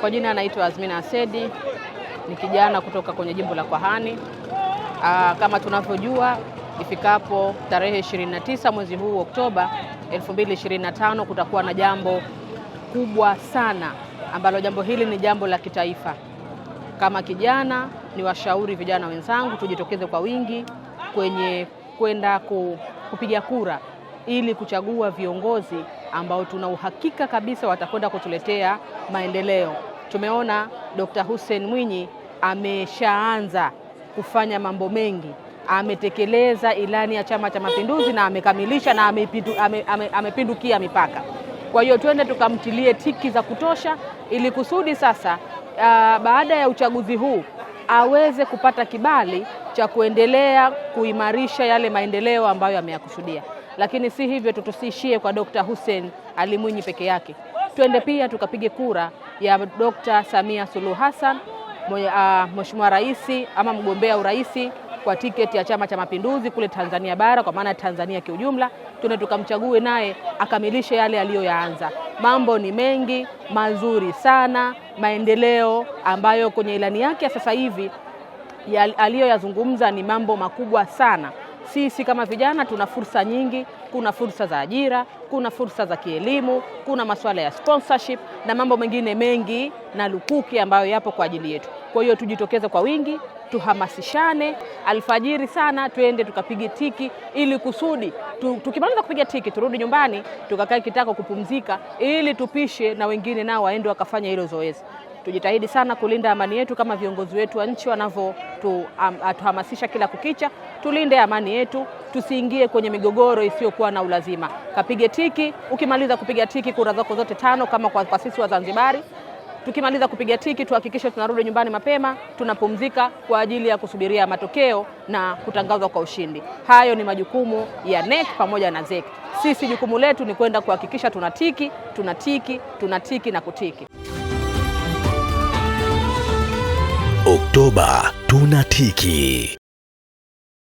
Kwa jina anaitwa Azmina Asedi, ni kijana kutoka kwenye jimbo la Kwahani. Aa, ah, kama tunavyojua ifikapo tarehe 29 mwezi huu Oktoba 2025 kutakuwa na jambo kubwa sana ambalo jambo hili ni jambo la kitaifa. Kama kijana ni washauri vijana wenzangu tujitokeze kwa wingi kwenye kwenda kupiga kura ili kuchagua viongozi ambao tuna uhakika kabisa watakwenda kutuletea maendeleo tumeona Dkt. Hussein Mwinyi ameshaanza kufanya mambo mengi, ametekeleza ilani ya Chama cha Mapinduzi na amekamilisha na amepindu, ame, ame, amepindukia mipaka. Kwa hiyo twende tukamtilie tiki za kutosha, ili kusudi sasa aa, ah, baada ya uchaguzi huu aweze kupata kibali cha kuendelea kuimarisha yale maendeleo ambayo ameyakusudia. Lakini si hivyo tu, tusiishie kwa Dkt. Hussein Ali Mwinyi peke yake, twende pia tukapige kura ya Dr. Samia Suluhu Hassan ah, Mheshimiwa Rais ama mgombea urais kwa tiketi ya Chama cha Mapinduzi kule Tanzania bara kwa maana Tanzania kiujumla, tuna tukamchague naye akamilishe yale aliyoyaanza. Mambo ni mengi mazuri sana, maendeleo ambayo kwenye ilani yake ya sasa hivi aliyoyazungumza ni mambo makubwa sana. Sisi kama vijana tuna fursa nyingi, kuna fursa za ajira, kuna fursa za kielimu, kuna masuala ya sponsorship na mambo mengine mengi na lukuki ambayo yapo kwa ajili yetu. Kwa hiyo tujitokeze kwa wingi, tuhamasishane alfajiri sana, tuende tukapige tiki ili kusudi tukimaliza kupiga tiki turudi nyumbani tukakae kitako kupumzika, ili tupishe na wengine nao waende wakafanya hilo zoezi tujitahidi sana kulinda amani yetu kama viongozi wetu wa nchi wanavyotuhamasisha um, kila kukicha. Tulinde amani yetu, tusiingie kwenye migogoro isiyokuwa na ulazima. Kapige tiki, ukimaliza kupiga tiki kura zako zote tano, kama kwa, kwa sisi Wazanzibari. Tukimaliza kupiga tiki, tuhakikishe tunarudi nyumbani mapema, tunapumzika kwa ajili ya kusubiria matokeo na kutangazwa kwa ushindi. Hayo ni majukumu ya NEC pamoja na ZEC. Sisi jukumu letu ni kwenda kuhakikisha tunatiki, tunatiki, tunatiki na kutiki. Oktoba tunatiki.